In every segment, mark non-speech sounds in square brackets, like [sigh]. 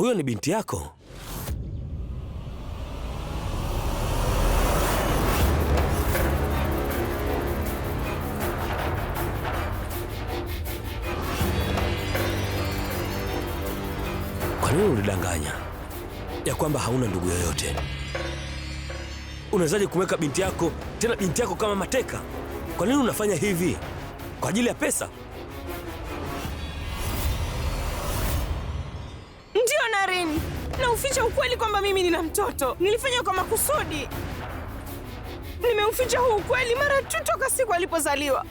huyo ni binti yako? Kwa nini ulidanganya ya kwamba hauna ndugu yoyote? Unawezaje kumweka binti yako, tena binti yako kama mateka? Kwa nini unafanya hivi? Kwa ajili ya pesa? nimeuficha ukweli kwamba mimi nina mtoto. Nilifanya kwa makusudi, nimeuficha huu ukweli mara tu toka siku alipozaliwa,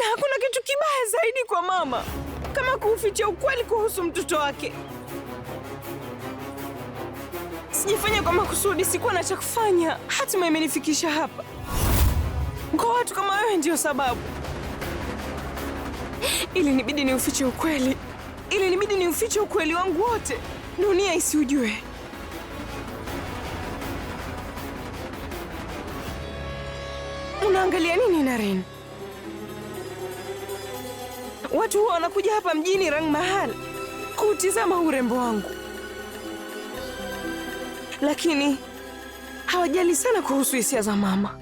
na hakuna kitu kibaya zaidi kwa mama kama kuuficha ukweli kuhusu mtoto wake. Sijifanya kwa makusudi, sikuwa na cha kufanya. Hatima imenifikisha hapa kwa watu kama wewe, ndio sababu ili nibidi niufiche ukweli ili ni niufiche ukweli wangu wote, dunia isiujue. Unaangalia nini Naren? Watu huwa wanakuja hapa mjini Rang Mahal kutizama urembo wangu, lakini hawajali sana kuhusu hisia za mama.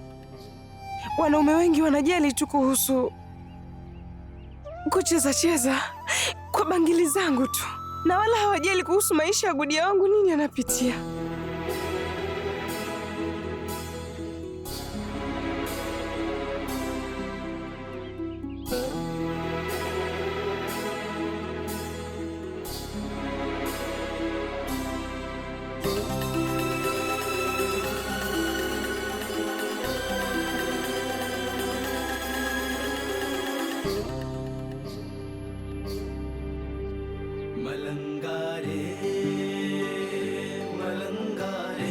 Wanaume wengi wanajali tu kuhusu kucheza cheza kwa bangili zangu tu, na wala hawajali kuhusu maisha ya gudia wangu nini anapitia. മലങ്കാരേ മലങ്കാരേ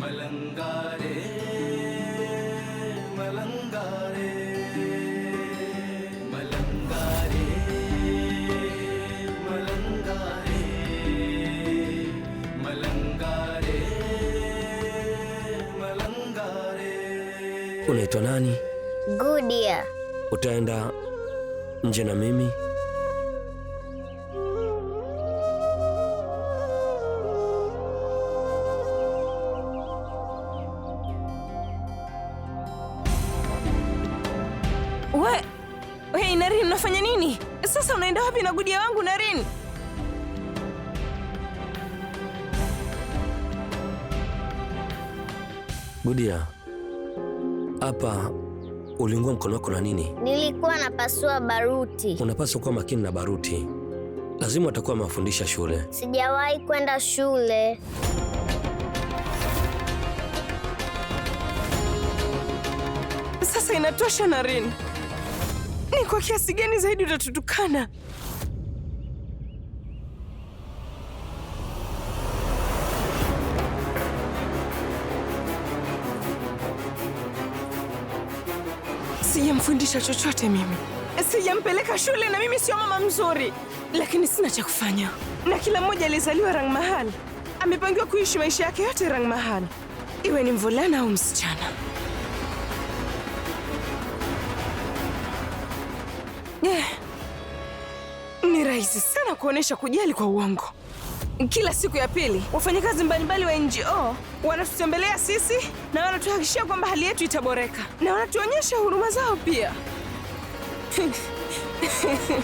മലങ്കാരേ മലങ്കാരേ മലങ്കാരേ മലങ്കാരേ മലങ്കാരേ മലങ്കാരേ unaitwa nani? Gudia, utaenda nje na mimi? We, hey, Naren, unafanya nini? Sasa unaenda wapi na gudia wangu Naren? Gudia, hapa uliungua mkono wako na nini? Nilikuwa napasua baruti. Unapaswa kuwa makini na baruti, lazima atakuwa amewafundisha shule. Sijawahi kwenda shule. Sasa inatosha Naren kwa kiasi gani zaidi utatutukana? Sijamfundisha chochote mimi, sijampeleka shule na mimi sio mama mzuri, lakini sina cha kufanya. Na kila mmoja aliyezaliwa Rang Mahal amepangiwa kuishi maisha yake yote Rang Mahal, iwe ni mvulana au msichana. rahisi sana kuonesha kujali kwa uongo. Kila siku ya pili wafanyakazi mbalimbali wa NGO wanatutembelea sisi na wanatuhakikishia kwamba hali yetu itaboreka na wanatuonyesha huruma zao pia. [laughs]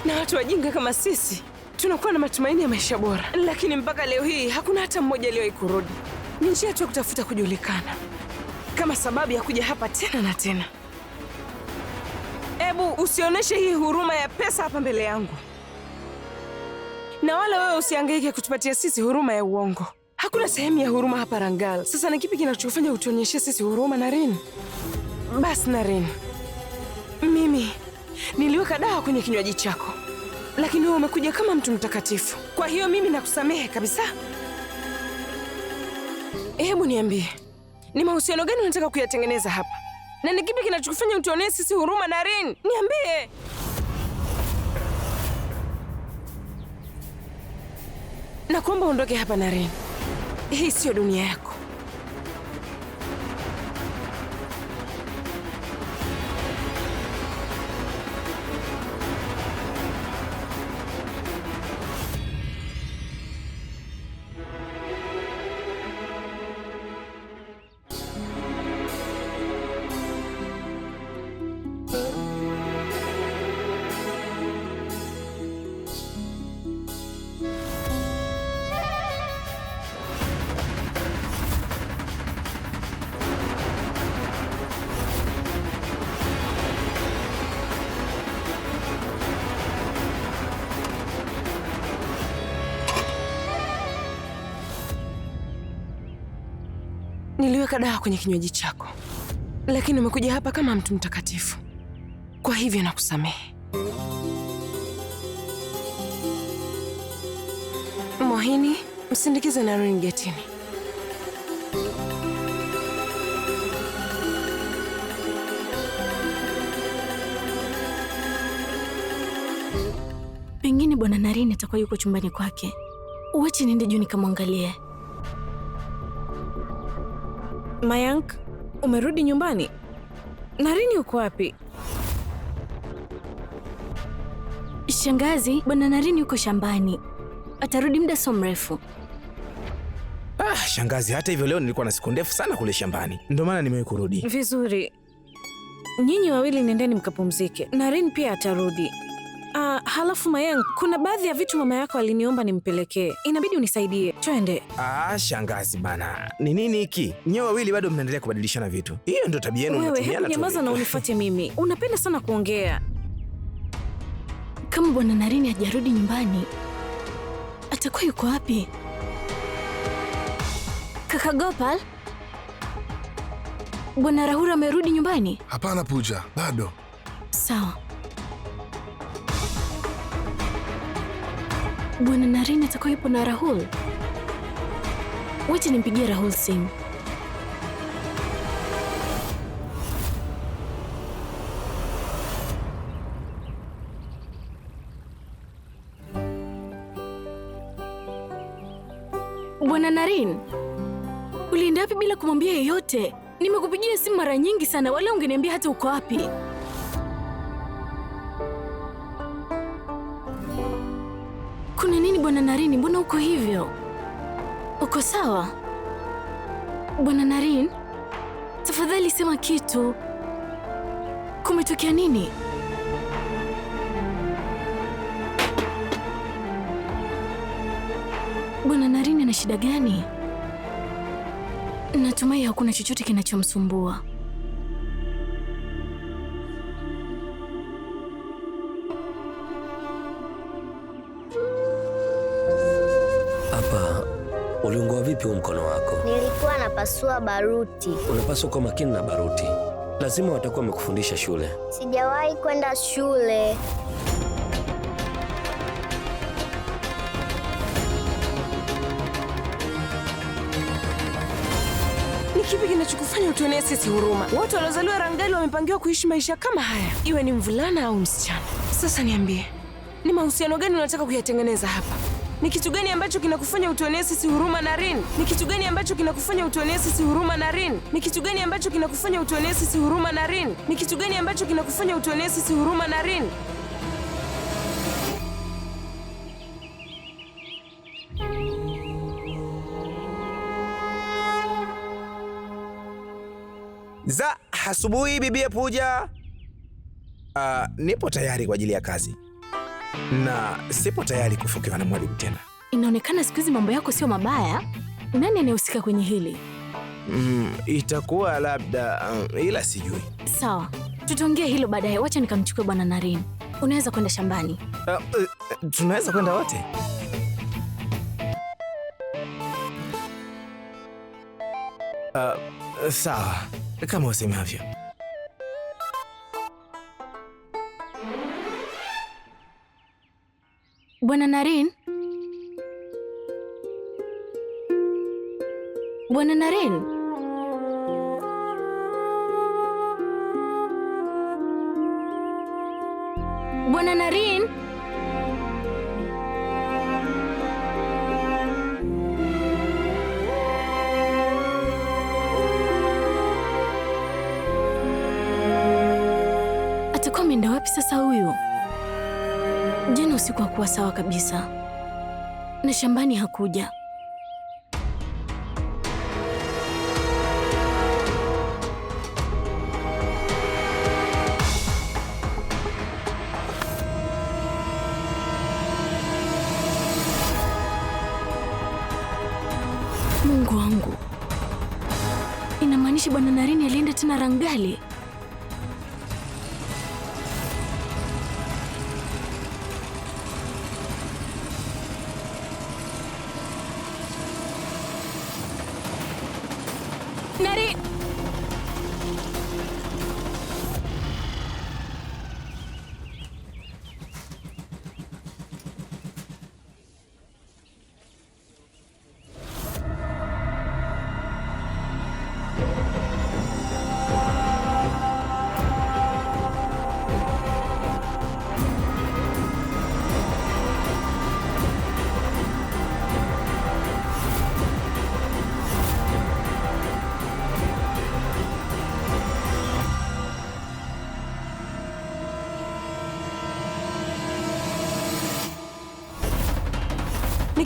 na watu wajinga kama sisi tunakuwa na matumaini ya maisha bora, lakini mpaka leo hii hakuna hata mmoja aliyewahi kurudi. Ni njia tu ya kutafuta kujulikana kama sababu ya kuja hapa tena na tena. Ebu usionyeshe hii huruma ya pesa hapa mbele yangu na wala wewe usihangaike kutupatia sisi huruma ya uongo. Hakuna sehemu ya huruma hapa Rangal. Sasa ni kipi kinachofanya utuonyeshe sisi huruma, Naren? Basi Naren, mimi niliweka dawa kwenye kinywaji chako, lakini wewe umekuja kama mtu mtakatifu, kwa hiyo mimi nakusamehe kabisa. Hebu niambie, ni mahusiano gani unataka kuyatengeneza hapa, na ni kipi kinachokufanya utuonee sisi huruma, Naren? Niambie. Nakuomba uondoke hapa Naren, hii siyo dunia yako. umeweka dawa kwenye kinywaji chako, lakini umekuja hapa kama mtu mtakatifu, kwa hivyo nakusamehe. Mohini, msindikize Naren getini. Pengine Bwana Naren atakuwa yuko chumbani kwake. Uwache niende juu nikamwangalie. Mayank, umerudi nyumbani? Naren uko wapi? Shangazi, bwana Narini yuko shambani, atarudi muda so mrefu. Ah, shangazi, hata hivyo leo nilikuwa na siku ndefu sana kule shambani, ndio maana nimekurudi. kurudi. Vizuri, nyinyi wawili nendeni mkapumzike. Narini pia atarudi. Uh, halafu mayang kuna baadhi ya vitu mama yako aliniomba nimpelekee, inabidi unisaidie. Twende. Ah, shangazi bana, ni nini hiki? Nyewe wawili bado mnaendelea kubadilishana vitu, hiyo ndio tabia yenu. Wewe hebu nyamaza na unifuate mimi, unapenda sana kuongea. Kama bwana narini hajarudi nyumbani, atakuwa yuko wapi? Kaka Gopal, bwana Rahura amerudi nyumbani? Hapana Puja, bado. Sawa. Bwana Naren atakuwa yupo na Rahul. Wacha nimpigie Rahul simu. Bwana Naren, ulienda wapi bila kumwambia yeyote? Nimekupigia simu mara nyingi sana, wala ungeniambia hata uko wapi. Bwana Naren, mbona uko hivyo? Uko sawa? Bwana Naren, tafadhali sema kitu. Kumetokea nini? Bwana Naren ana shida gani? Natumai hakuna chochote kinachomsumbua. vipi huu mkono wako? Nilikuwa napasua baruti. Unapaswa kuwa makini na baruti, lazima watakuwa wamekufundisha shule. Sijawahi kwenda shule. Kipi kinachokufanya utuonee sisi huruma? Watu waliozaliwa Rangali wamepangiwa kuishi maisha kama haya, iwe ni mvulana au msichana. Sasa niambie, ni mahusiano gani unataka kuyatengeneza hapa? Ni kitu gani ambacho kinakufanya utuonee sisi huruma Naren? Ni kitu gani ambacho kinakufanya utuonee sisi huruma Naren? Ni kitu gani ambacho kinakufanya utuonee sisi huruma Naren? Ni kitu gani ambacho kinakufanya utuonee sisi huruma Naren? Za asubuhi, bibia Pooja. Uh, ah, nipo tayari kwa ajili ya kazi na sipo tayari kufukiwa na mwalimu tena. Inaonekana siku hizi mambo yako sio mabaya. Nani anayehusika kwenye hili? Mm, itakuwa labda um, ila sijui. Sawa, tutaongea hilo baadaye. Wacha nikamchukue bwana Naren. Unaweza kwenda shambani. Uh, uh, tunaweza kwenda wote. Uh, sawa kama usemavyo. Bwana Naren, Bwana Naren. hakuwa sawa kabisa, na shambani hakuja. Mungu wangu, inamaanisha Bwana narini alienda tena Rangali.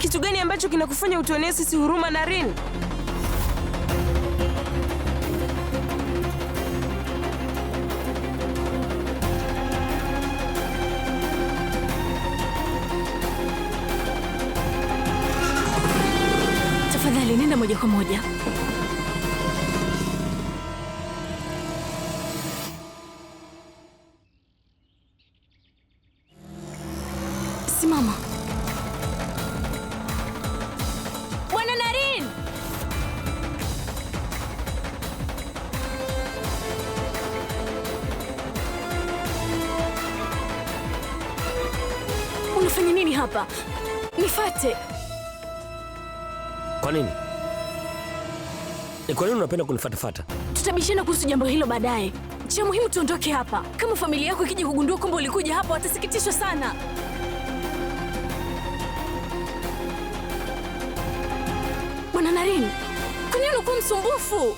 kitu gani ambacho kinakufanya utuonee sisi huruma Naren? Tafadhali nenda moja kwa moja. Eh, kwa nini unapenda kunifatafata? Tutabishana kuhusu jambo hilo baadaye. Cha muhimu tuondoke hapa. Kama familia yako ikija kugundua kwamba ulikuja hapa, watasikitishwa sana. Bwana Naren, kwa nini unakuwa msumbufu?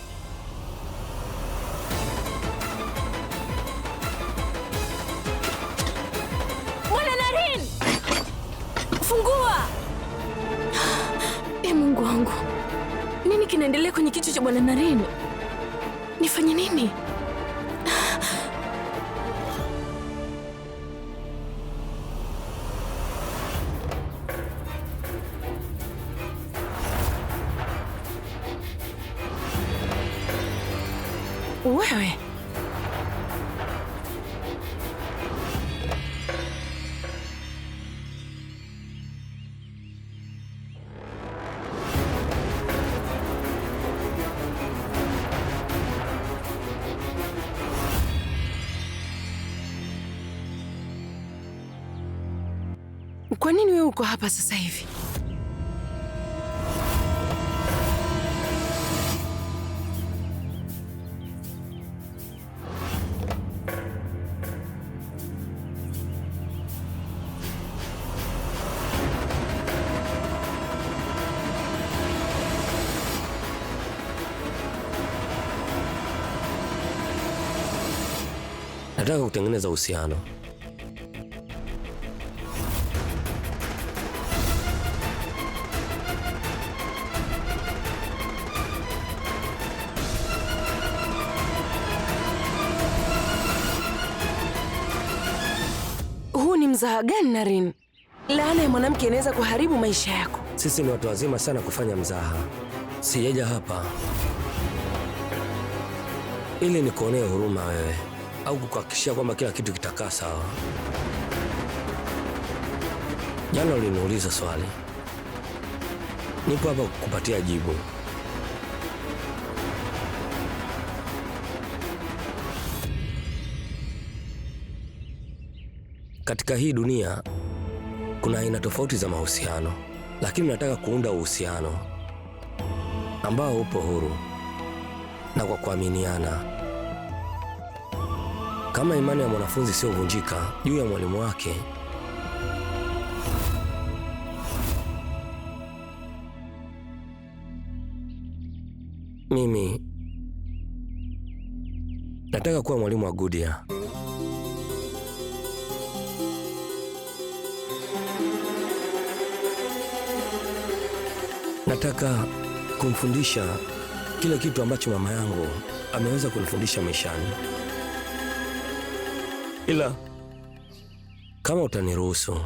kinaendelea kwenye kichwa cha bwana Naren? Nifanye nini? Wewe Corra para essa eu Nataka kutengeneza uhusiano. mzaha gani Naren? Laana ya mwanamke inaweza kuharibu maisha yako. Sisi ni watu wazima sana kufanya mzaha. Sijaja hapa ili nikuonee huruma wewe au kukuhakikishia kwamba kila kitu kitakaa sawa. Jana uliniuliza swali, nipo hapa kukupatia jibu. Katika hii dunia kuna aina tofauti za mahusiano, lakini nataka kuunda uhusiano ambao upo huru na kwa kuaminiana. Kama imani ya mwanafunzi isiyovunjika juu ya mwalimu wake, mimi nataka kuwa mwalimu wa Gudia. Nataka kumfundisha kile kitu ambacho mama yangu ameweza kunifundisha maishani, ila kama utaniruhusu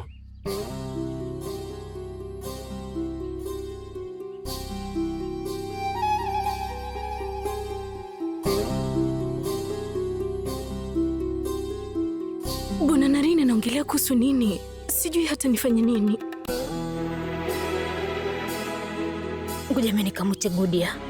Bwana Narine, naongelea kuhusu nini? Sijui hata nifanye nini. Ngoja mimi Gudia.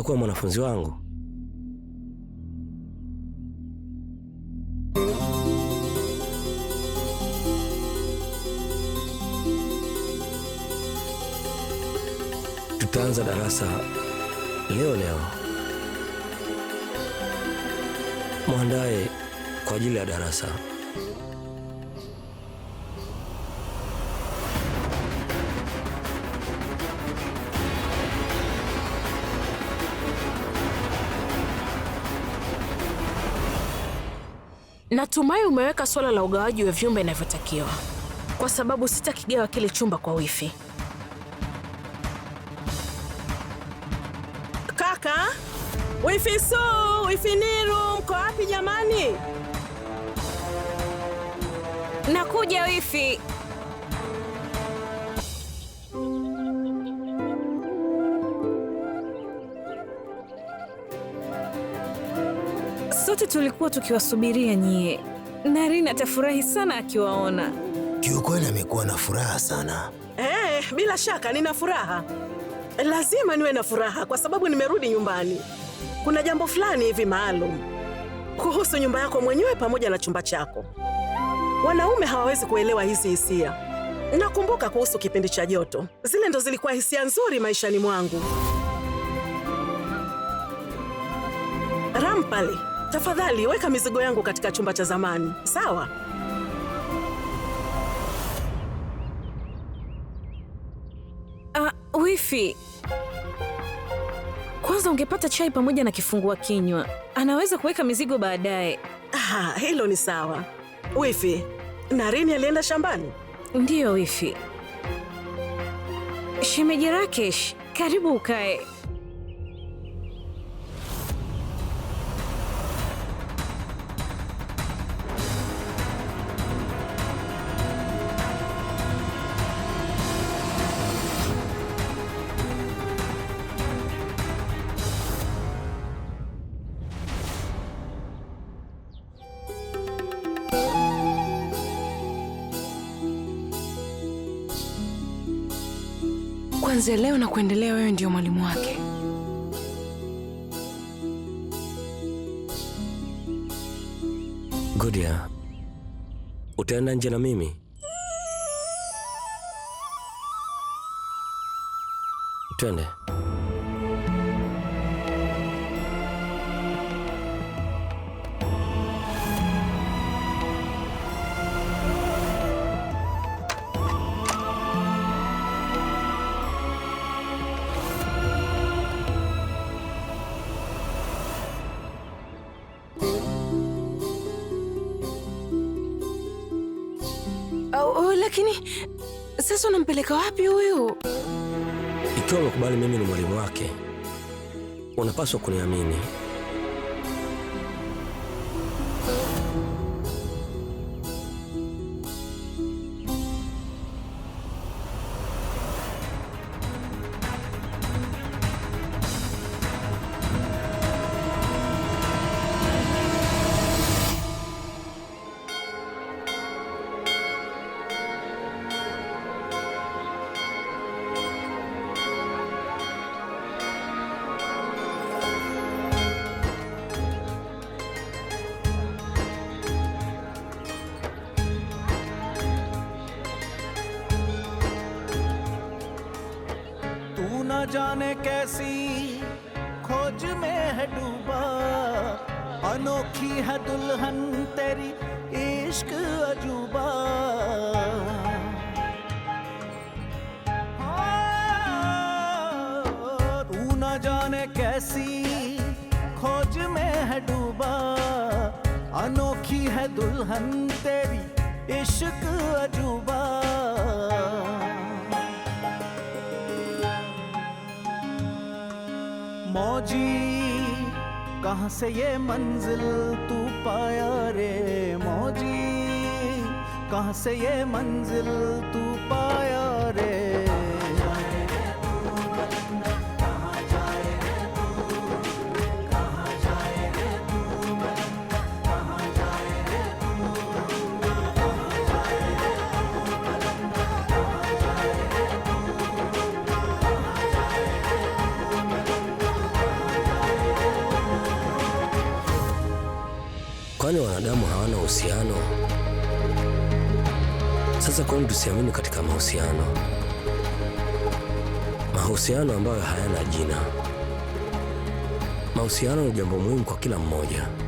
Ungependa kuwa mwanafunzi wangu? Tutaanza darasa leo leo. Mwandae kwa ajili ya darasa. Natumai umeweka swala la ugawaji wa vyumba inavyotakiwa, kwa sababu sitakigawa kile chumba kwa wifi. Kaka wifi su wifi niru, mko wapi jamani? Nakuja wifi. sote tulikuwa tukiwasubiria nyie. Naren atafurahi sana akiwaona. Kiukweli amekuwa na furaha sana. Eh, bila shaka nina furaha. Lazima niwe na furaha kwa sababu nimerudi nyumbani. Kuna jambo fulani hivi maalum kuhusu nyumba yako mwenyewe pamoja na chumba chako. Wanaume hawawezi kuelewa hizi hisia. Nakumbuka kuhusu kipindi cha joto, zile ndo zilikuwa hisia nzuri maishani mwangu. Rampali Tafadhali weka mizigo yangu katika chumba cha zamani, sawa? Uh, wifi, kwanza ungepata chai pamoja na kifungua kinywa. Anaweza kuweka mizigo baadaye. Ah, hilo ni sawa. Wifi, narini alienda shambani? Ndiyo wifi. shemejirakesh karibu ukae. Kuanzia leo na kuendelea, wewe ndio mwalimu wake. Gudia, utaenda nje na mimi? Twende. lakini sasa unampeleka wapi huyu? Ikiwa umekubali mimi ni mwalimu wake, unapaswa kuniamini. जाने कैसी खोज में है डूबा अनोखी है दुल्हन तेरी इश्क अजूबा तू न जाने कैसी खोज में है डूबा अनोखी है दुल्हन तेरी इश्क अजूबा मौजी कहाँ से ये मंजिल तू पाया रे मौजी कहाँ से ये मंजिल तू Kwani wanadamu hawana uhusiano? Sasa kwani tusiamini katika mahusiano, mahusiano ambayo hayana jina? Mahusiano ni jambo muhimu kwa kila mmoja.